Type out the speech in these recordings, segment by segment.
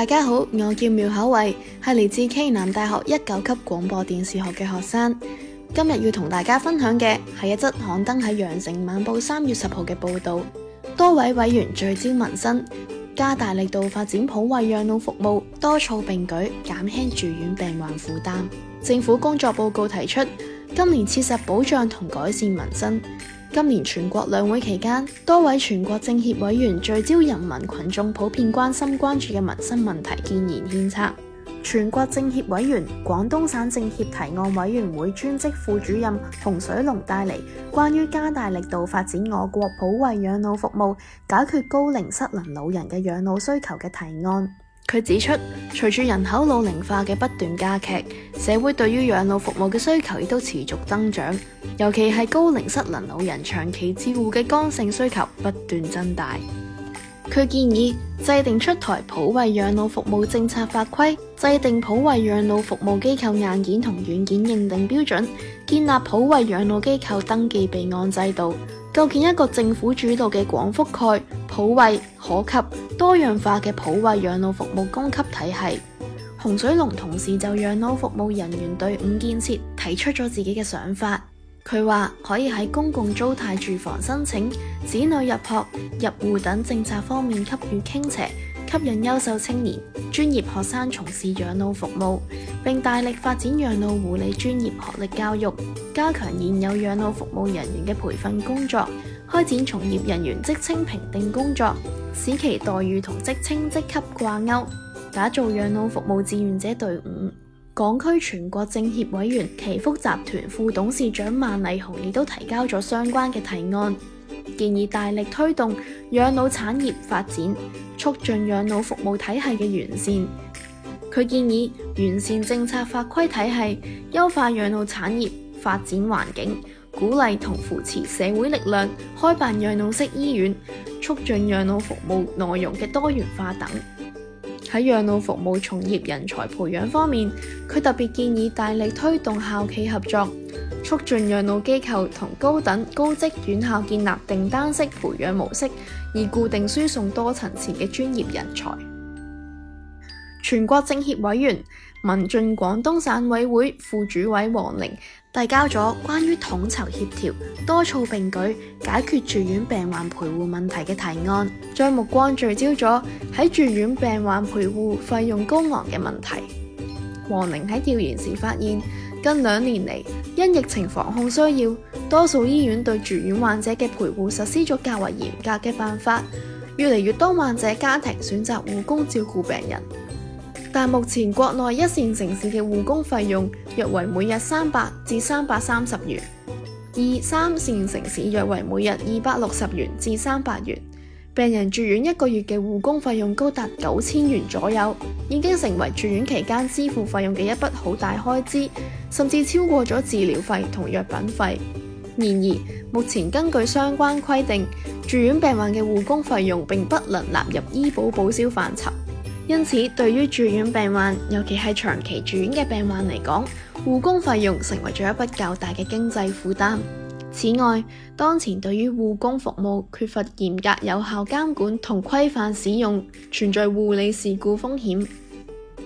大家好，我叫繆巧慧，係嚟自暨南大學一九級廣播電視學嘅學生。今日要同大家分享嘅係一則刊登喺《羊城晚報》三月十號嘅報道。多位委員聚焦民生，加大力度發展普惠養老服務，多措並舉減輕住院病患負擔。政府工作報告提出，今年切實保障同改善民生。今年全國兩會期間，多位全國政協委員聚焦人民群眾普遍關心關注嘅民生問題，建言獻策。全國政協委員、廣東省政協提案委員會專職副主任洪水龍帶嚟關於加大力度發展我國普惠養老服務，解決高齡失能老人嘅養老需求嘅提案。佢指出，隨住人口老齡化嘅不斷加劇，社會對於養老服務嘅需求亦都持續增長，尤其係高齡失能老人長期照護嘅剛性需求不斷增大。佢建議制定出台普惠養老服務政策法規，制定普惠養老服務機構硬件同軟件認定標準，建立普惠養老機構登記備案制度，構建一個政府主導嘅廣覆蓋、普惠、可及、多樣化嘅普惠養老服務供給體系。洪水龍同時就養老服務人員隊伍建設提出咗自己嘅想法。佢話可以喺公共租賃、住房申請、子女入學、入戶等政策方面給予傾斜，吸引優秀青年、專業學生從事養老服務，並大力發展養老護理專業學歷教育，加強現有養老服務人員嘅培訓工作，開展從業人員職稱評定工作，使其待遇同職稱職級掛鈎，打造養老服務志願者隊伍。港區全國政協委員、祈福集團副董事長孟麗紅亦都提交咗相關嘅提案，建議大力推動養老產業發展，促進養老服務體系嘅完善。佢建議完善政策法規體系，優化養老產業發展環境，鼓勵同扶持社會力量，開辦養老式醫院，促進養老服務內容嘅多元化等。喺養老服務從業人才培養方面，佢特別建議大力推動校企合作，促進養老機構同高等高職院校建立訂單式培養模式，以固定輸送多層次嘅專業人才。全國政協委員、民進廣東省委會副主委王寧遞交咗關於統籌協調、多措並舉解決住院病患陪護問題嘅提案，將目光聚焦咗喺住院病患陪護費用高昂嘅問題。王寧喺調研時發現，近兩年嚟，因疫情防控需要，多數醫院對住院患者嘅陪護實施咗較為嚴格嘅辦法，越嚟越多患者家庭選擇護工照顧病人。但目前國內一線城市嘅護工費用約為每日三百至三百三十元，二三線城市約為每日二百六十元至三百元。病人住院一個月嘅護工費用高達九千元左右，已經成為住院期間支付費用嘅一筆好大開支，甚至超過咗治療費同藥品費。然而，目前根據相關規定，住院病患嘅護工費用並不能納入醫保報銷範疇。因此，對於住院病患，尤其係長期住院嘅病患嚟講，護工費用成為咗一筆較大嘅經濟負擔。此外，當前對於護工服務缺乏嚴格有效監管同規範使用，存在護理事故風險。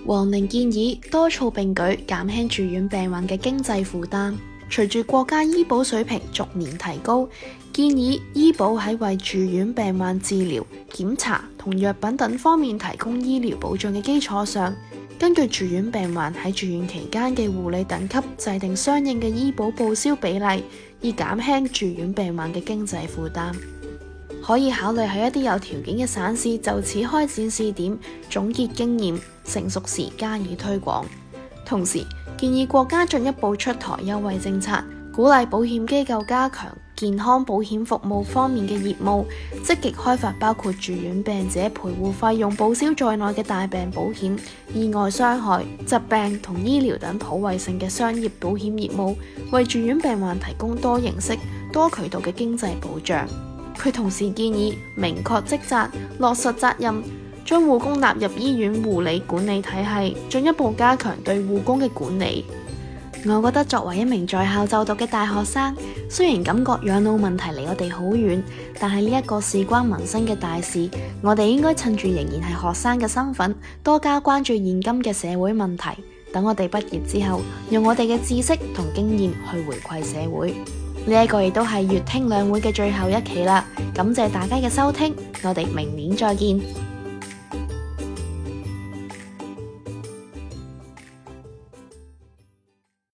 王寧建議多措並舉，減輕住院病患嘅經濟負擔。隨住國家醫保水平逐年提高，建議醫保喺為住院病患治療、檢查同藥品等方面提供醫療保障嘅基礎上，根據住院病患喺住院期間嘅護理等級，制定相應嘅醫保報銷比例，以減輕住院病患嘅經濟負擔。可以考慮喺一啲有條件嘅省市就此開展試點，總結經驗，成熟時加以推廣。同時，建議國家進一步出台優惠政策，鼓勵保險機構加強健康保險服務方面嘅業務，積極開發包括住院病者陪護費用報銷在內嘅大病保險、意外傷害、疾病同醫療等普惠性嘅商業保險業務，為住院病患提供多形式、多渠道嘅經濟保障。佢同時建議明確職責，落實責任。將護工納入醫院護理管理體系，進一步加強對護工嘅管理。我覺得作為一名在校就讀嘅大學生，雖然感覺養老問題離我哋好遠，但係呢一個事關民生嘅大事，我哋應該趁住仍然係學生嘅身份，多加關注現今嘅社會問題。等我哋畢業之後，用我哋嘅知識同經驗去回饋社會。呢、這、一個亦都係粵聽兩會嘅最後一期啦，感謝大家嘅收聽，我哋明年再見。